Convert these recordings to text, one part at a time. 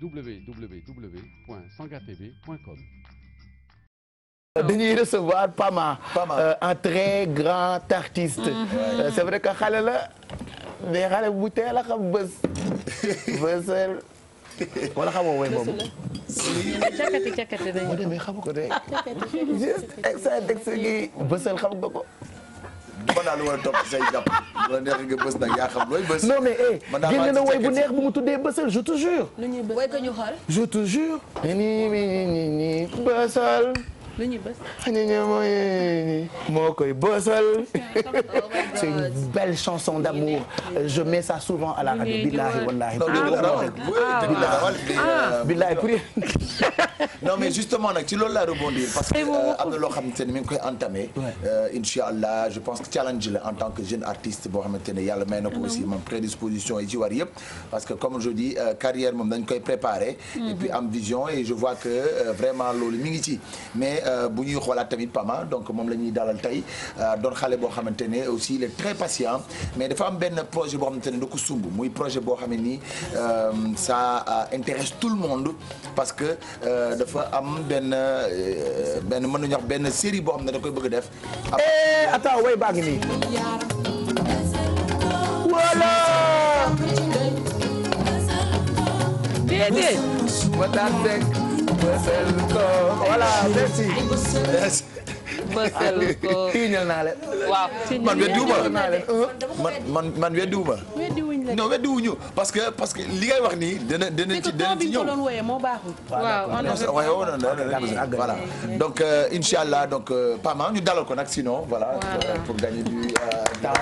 www.sangatv.com. dañuy recevoir Pama. Pama euh, un très grand artiste. Mm-hmm. euh, c'est vrai que xale la mais xale bu teel a xam bés. bésel wala xamoo woy boobu. càkkati càkkati nañu. boo demee xamu ko de. juste extrait duma daal war a topp say jàpp bu la neexee nga bës nag yaa xam looy bës. non mais eh neex bu mu tuddee bësal je te jure. nu ñuy bës woy ni ni ni ni lu ñuy bës. moo koy bësal. c'est une belle chanson d'amour je mets ça souvent à la radio. billahi wallahi. billahi pri. Ah. Euh, ah. non mais justement nag ci loolu laa rebondir parce que euh, am na loo xamante ne mi ngi koy entamé. Euh, incha allah je pense que challenge la en tant que jeune artiste boo xamante ne yàlla may na ko ah aussi moom prédisposition yi ci war yëpp. parce que comme je dis carrière moom dañ koy préparé. Mm-hmm. et puis am vision et je vois que vraiment loolu mi ngi ci mais. Euh, bu ñuy xoolaat tamit Pama donc moom la dalal tey euh, doon xale boo xamante ne aussi il est très patient mais dafa am benn projet boo xamante ne da ko sumb muy projet boo xam ne nii euh, ça intéresse tout le monde parce que dafa am benn benn mën na ñox benn série boo xam ne dafa koy bëgg a def. Eh, attends way baa ngi nii. voilà. déedéet. bësal ko voilà merci. merci. bësal ko tiiñal naa man weddiwuma man man weddiwuma no weddi wuñu parce que parce que li ngay wax nii dana dana ci dana ci ñëw voilà donc euh, incha allah donc euh, Pama ñu dalal ko nag sinon voilà pour euh, gagner du temps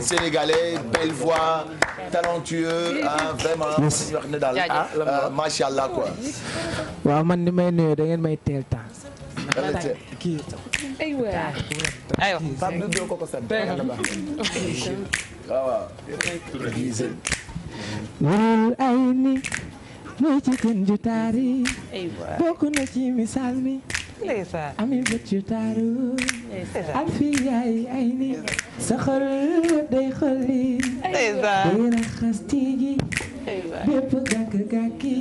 sénégalais belle voix talentueux vraiment ñu wax ne daal ah, macha allah quoi waaw man ni may nuyu da ngeen may teel temps kii aywa aywa Pape du doo ko ko sant wurul ay ni mooy ci gën ju taari bokk na ci misaal mi ami bët ju taaru ak fii yaay ay ni sa xol day xolli day raxas tiigi bépp gàkk gàkki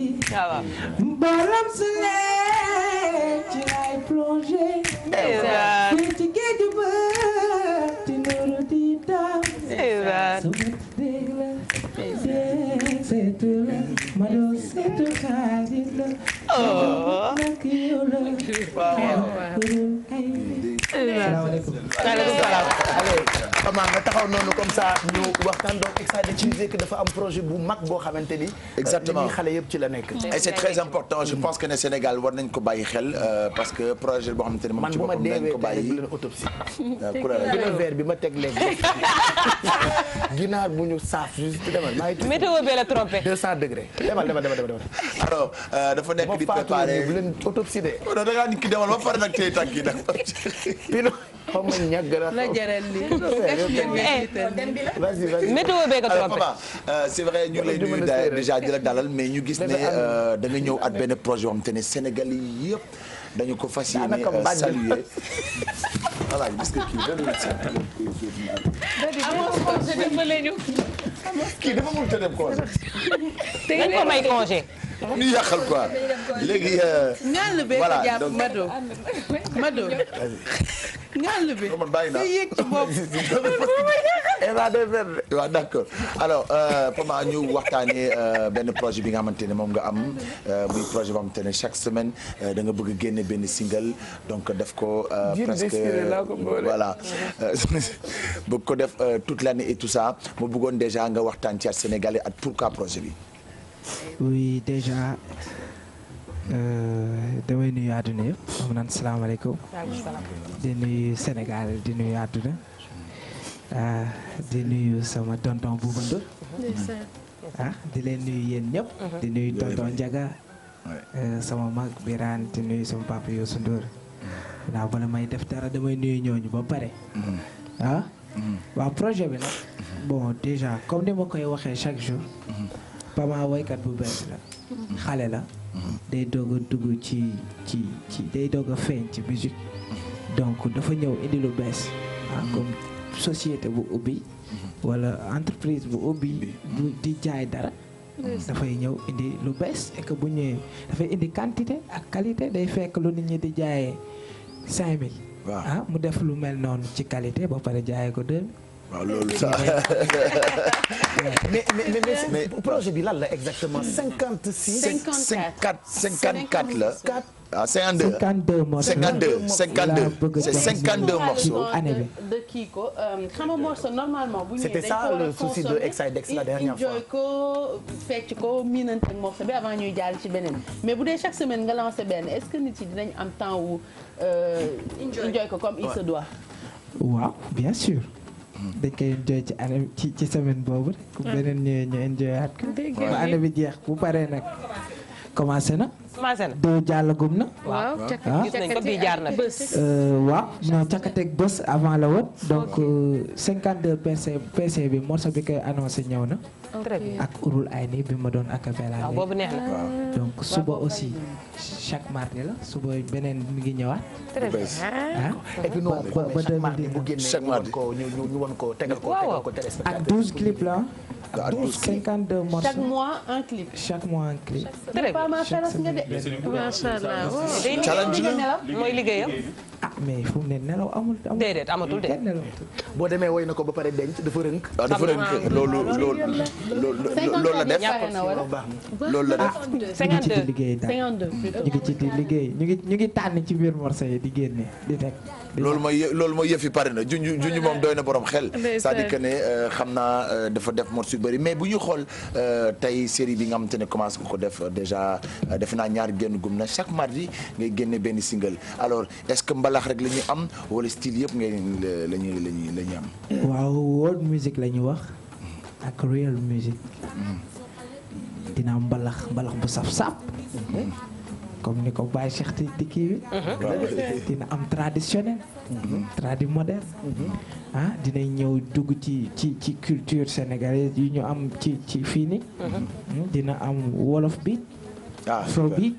borom su lee ci lay plongé seetu xaalis la. waaw waaw. salaamaaleykum. Amar nga taxaw noonu comme ça ñu waxtaan donc Exxadé ci que dafa am projet bu mag boo xamante ni. exactement euh, li xale yëpp ci la nekk. et c'est très important je pense que ne Sénégal war nañ ko bàyyi xel euh, parce que projet boo xamante ni moom ci boppam dañ ko bàyyi man bu ma deewee tey rek bu leen autopsie. Euh, ginaar verre bi ma teg léegi ginaar bu ñu saaf juste demal maa ngi. météo bi la trompé. 200 degrés demal demal demal demal. alors dafa nekk di préparé bu leen autopsie de. non da ngaa nit ki demal ba pare nag tey tànk yi nag. xaw ma ñàgg la. Eh, la jëral lii vas-y vas-y météo bee ko trompé. Euh, c'est vrai ñu lay nuyu déjà di la dalal mais ñu gis ne euh, da nga ñëw at benn projet yoo xam te ne Sénégal yi yëpp dañu ko fas yéene euh, saluer. voilà gis nga kii benn kii dafa mënut a dem congé. te dañ ko may congé. ñu yàqal quoi léegi. voilà donc ñaar lu bees jàpp Mado Mado. ñaar bi man bàyyi naa yëg ci bopp waaw d'accord alors euh, Pama ñu waxtaanee euh, benn projet bi nga xamante ne moom nga am euh, muy projet boo xamante ne chaque semaine da nga bëgg génne benn single donc def ko presque voilà bëgg ko def toute l'année et tout ça ma bëggoon déjà nga waxtaan ci at Sénégalais at pourquoi projet bi oui déjà Euh, damay nuyu àdduna yëpp am naan salaamaaleykum di nuyu Sénégal di nuyu àdduna ah, di nuyu sama tonton Bouba Ndour ah di leen nuyu yéen ñëpp uh-huh. di nuyu tonton Ndiaga euh, sama mag Birane di nuyu sama papa Youssou Ndour waaw mm. may def dara damay nuyu ñooñu ba pare mm. ah mm. projet bi nag mm-hmm. bon déjà comme ni ma koy waxee chaque jour mm-hmm. Pama woykat bu bees la mm-hmm. xale la day doog a dugg ci ci ci day doog feeñ ci musique donc dafa ñëw indi lu bees ah mm-hmm. comme société bu ubbi mm-hmm. wala entreprise bu ubbi di jaay dara dafay ñëw indi lu bees et bu ñëwee dafay indi quantité ak qualité day fekk lu nit ñi di jaayee cinq mille ah mu def lu mel noonu ci qualité ba pare jaayee ko de waaw loolu sax mais mais mais projet bi lan la exactement. 56 54 54 la. ah 52 52 morceaux 52 52 c'est 52 morceaux. de kii ko euh, xam nga morceau normalement. bu ñu c'était ça le souci de Exidex la dernière fois. jooy ko fecc ko miinante ak morceau bi avant ñuy jàll ci beneen mais bu dee chaque semaine nga lancé benn est-ce que nit yi dinañ am temps wu. Euh, enjoy ko comme il se doit. waaw bien sûr. dañ koy enjoy ci année ci ci semaine boobu rek. Ah. beneen ñëwee ñu enjoyaat ko. ba année bi jeex bu paree nag commencé na. commencé na doo jàllagum na. waaw gis nañ ko bés. Euh, avant la woon donc 52 euh, PC PC bi morceau bi koy annoncé ñëw na. ak urul ay nii bi ma doon acapella. waaw boobu ah. donc suba aussi chaque mardi la suba beneen mi ngi ñëwaat. Ah. Ah. bu génnee ñu ak 12 clip la ak 12 52 morceaux chaque mois un clip. chaque mois un clip. très bien macha allah. challenge mooy liggéeyam. ah mais fu mu ne nelaw amul. déedéet amatul de. boo demee woy na ko ba pare denc dafa rënk. Ah, dafa rënk loolu loolu. loolu la def loolu la def. 52 52 ñu ngi ci di liggéey ñu ngi ñu ngi tànn ci biir morceaux yi di génne di teg. loolu mooy loolu mooy yëf yi pare na junj junj moom doy na borom xel c'est-à-dire que ne euh, xam naa euh, dafa def morceau yu bëri mais bu ñu xool euh, tey série bi nga xam te ne commencé nga ko def déjà def naa ñaar génn gum na chaque mardi ngay génne benn single alors est-ce que mbalax rek la ñuy am wala style yëpp ngay la ñuy la ñuy la ñuy am waaw world music la ñu wax ak real music mm. dina mbalax mbalax bu saf-saf mm-hmm. comme ni ko Baye Cheikh ti di kii dina am traditionnel mhm. tradi moderne mhm. ah dinay ñëw dugg ci ci ci culture sénégalaise yi ñu am ci ci fii ni mhm. hmm, dina am wolof bi ah, fro bi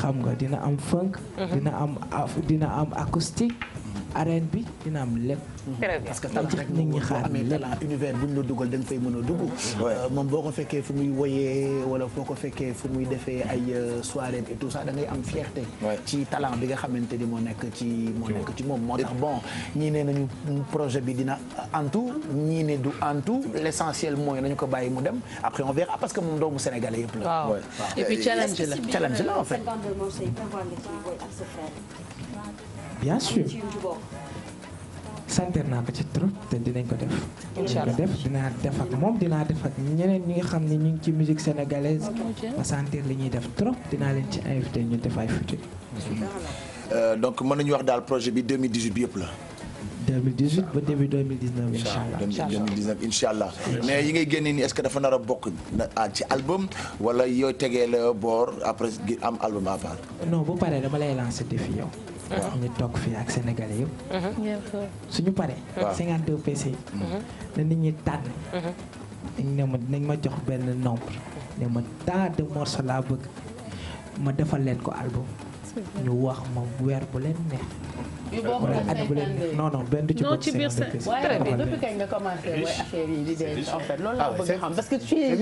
xam nga dina am funk dina dina am acoustique arène bi dina am lépp. parce que tam ci nit ñi xaar lépp univers bu ñu la dugal da nga fay mën a dugg. Euh, moom boo ko fekkee fu muy woyee wala foo ko fekkee fu muy defee ay euh, soirée et tout da ngay am fierté. ci talent bi nga xamante ni moo nekk ci moo nekk ci moom moo tax bon ñii ne nañu projet bi dina antu ñii ne du antu l' essentiel mooy nañu ko bàyyi mu dem après on verra parce que moom doomu sénégalais yëpp la. waaw et puis challenge la challenge la en fait. bien sûr santeer naa ko ci trop te dinañ ko def. incha dinaa def moom dinaa def ak ñeneen ñi nga xam ne ñu ngi ci musique sénégalaise. ma sentir li ñuy def trop dinaa leen ci invité ñu def ay futur. Euh, donc mën nañu wax daal projet bi 2018 bi yëpp la. 2018 ba début 2019 incha allah incha allah incha allah mais yi ngay génnee nii est-ce que dafa nar a bokk ci album wala yooyu tegee la boor après am album à part. non bu paree dama lay lancer défi yow. ñu toog fii ak Sénégalais yëpp. suñu paree. 52 PC. Mhm. na nit ñi tànn. Mhm. ne ma ma jox benn nombre. ne ma tant de morceaux laa bëgg. ma defal leen ko album. ñu wax ma weer bu leen neex. yu bokkul ak cinquante ci bopp waaye depuis kañ nga commencé mooy affaire yi di denc ah xam parce que tu es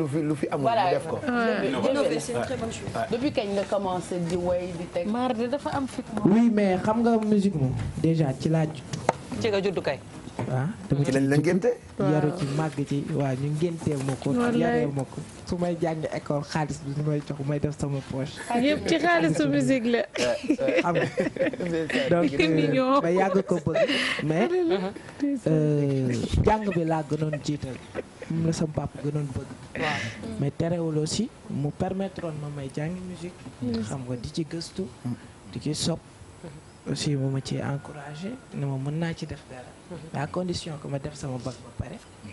lu fi lu fi amul def ko depuis kañ nga commencé di woy di teg mardi dafa am fit oui mais xam nga musique moom déjà ci laa judd ci nga kay ah ci lañ la ngénte yaru ci màgg ci waaw ñu ngéntee ma ko su may jàng école xaalis bi ñu may jox may def sama poche ah, yëpp ci xaalisu musique la xam nga donc euh, ma yàgg ko bëgg mais ah, euh, jàng bi laa gënoon jiital moom la sama papa gënoon bëgg mais terewul aussi mu permettre woon ma may jàngi musique xam nga di ci gëstu mm. di ci sopp aussi mu ma ci encouragé ne ma mën naa ci def dara mhm. à condition que ma def sama bac ba pare mhm.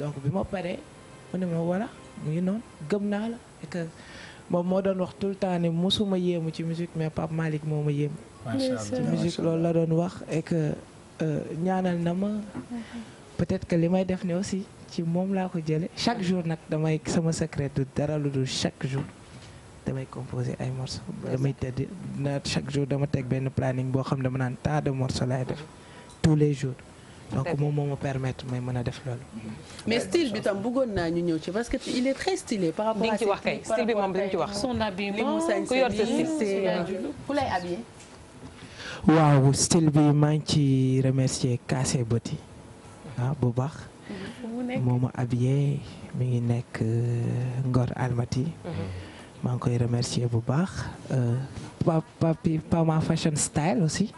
donc bi ma pare mu ne ma wala mu ngi noonu gëm naa la et moom moo doon wax tout le temps ne mosuma yéemu ci musique mais Pape Malick moo ma yéemu ci musique loolu la doon wax et que euh, ñaanal na ma mhm. peut-être que li may def ne aussi ci moom laa ko jële chaque jour nag damay sama secret du dara lu dul chaque jour damay composé ay morceaux damay tëdd na chaque jour dama teg benn planning boo xam ne naan tas de morceaux laay def les jours donc moom moo ma permettre mën a def loolu. mais style bi tam bëggoon naa ñu ñëw ci parce que il par rapport à wax ci wax. son habillement ku sa style ku lay habillé. waaw style bi maa ngi ci remercier kaase Boti ah bu baax. mu nekk moo mi nekk euh, Ngor Almati. Mhm. maa ngi koy remercier bu baax euh, pa papi Pama fashion style aussi.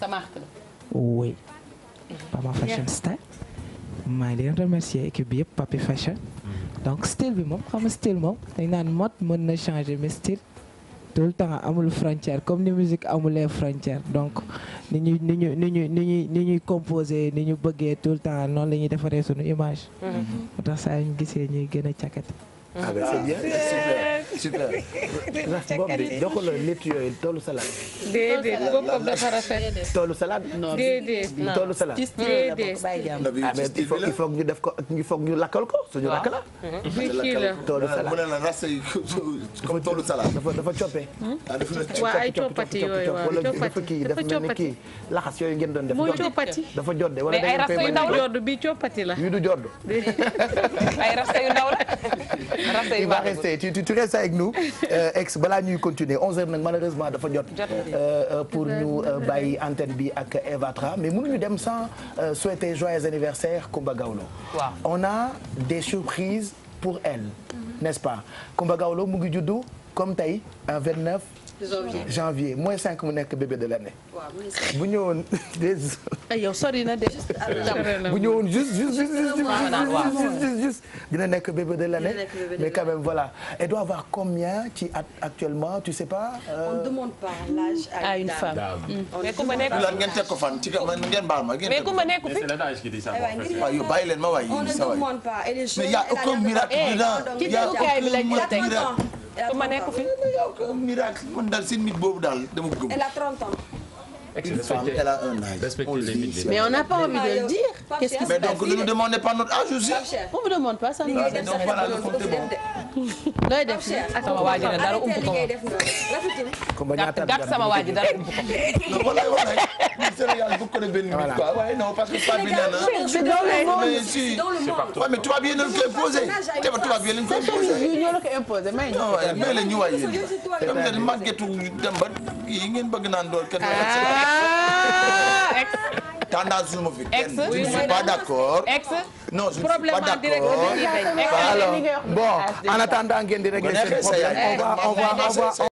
sa marque la. Mhm. fashion style. maa ngi leen remercier équipe bi yëpp papi fashion. Mhm. donc style bi moom xam nga style moom dañ naan mode mën na changer mais style tout le temps amul frontière comme ni musique amulee frontière donc ni ñuy ni ñu ni ñuy ni ñuy ni ñuy composer ni ñu bëggee tout le temps noonu la ñuy defaree sunu image. Mhm. moo tax saa ñu gisee ñuy gën a Ah ben c'est super raf bopp bi doxuloo lépp yooyu toolu salade. déedéet boppam dafa rafet. toolu salade non déedéet toolu salade. déedéet ah mais il faut il faut ñu def ko il faut ñu lakkal ko suñu rakk ah. la. Mhm. Ah, toolu ah, salade mu ne la rase yi comme toolu salade. dafa dafa coppe. Hmm? waaw ay coppati yooyu waaw coppati dafa coppati laxas yooyu ngeen doon def. mooy coppati dafa jodde wala da ngeen koy mais ay rase yu ndaw la bi coppati la. yu du jodd. ay rase yu ndaw la. rase yu baax la avec nous euh, ex balaa ñuy continuer 11h nag malheureusement dafa jot. Euh, euh, pour ñu bàyyi antenne bi ak Eva Tra mais mënuñu dem sans souhaiter joyeux anniversaire Kumba Gawlo. waaw on a des surprises pour elle. n'est-ce pas Kumba Gawlo mu ngi juddu comme tey un 29. janvier janvier moins 5 mu nekk bébé de l'année. bu ñëwoon Eh, yow sori na de. bu ñëwoon juste juste juste juste juste dina nekk bébé de l'année mais quand même voilà elle doit avoir combien ci at actuellement tu sais pas. Euh? on ne demande pas l'âge à une femme. Mm. mais ku ma nekkul ngeen teg ko fan ci ngeen baal ma. mais ku ma nekkul fi eh waaw yow bàyyi leen ma waay yi sa waay mais y a aucun miracle dedans y a aucun miracle ku ma nekkul fi. miracle man daal seen nit boobu daal dama gëm. elle a 30 ans. une femme, elle a un âge. On le dit, mais on n'a pas envie de le dire. Qu'est-ce qui se passe? Mais donc ne nous demandez pas notre âge aussi. On vous demande pas ça. Ah, looy def ak sama waa ji dara ump ko moom gàtt sama waa ji dara ump ko. non man lay wax rek Sénégal bu ko benn nit quoi waaye non parce que tubaab bi nee na. c'est dans le monde si waaw mais tubaab yi nañ koy posé te ba tubaab yi nañ koy posé. ñoo la ko imposé may ñu. mais la ñu waay yéen dem ngeen màggetu dem ba yi ngeen bëgg naan dool kenn. ma fi kenn. je ne suis pas d'accord. non je ne suis pas d'accord. alors bon en attendant ngeen di régler seen problème on va on va on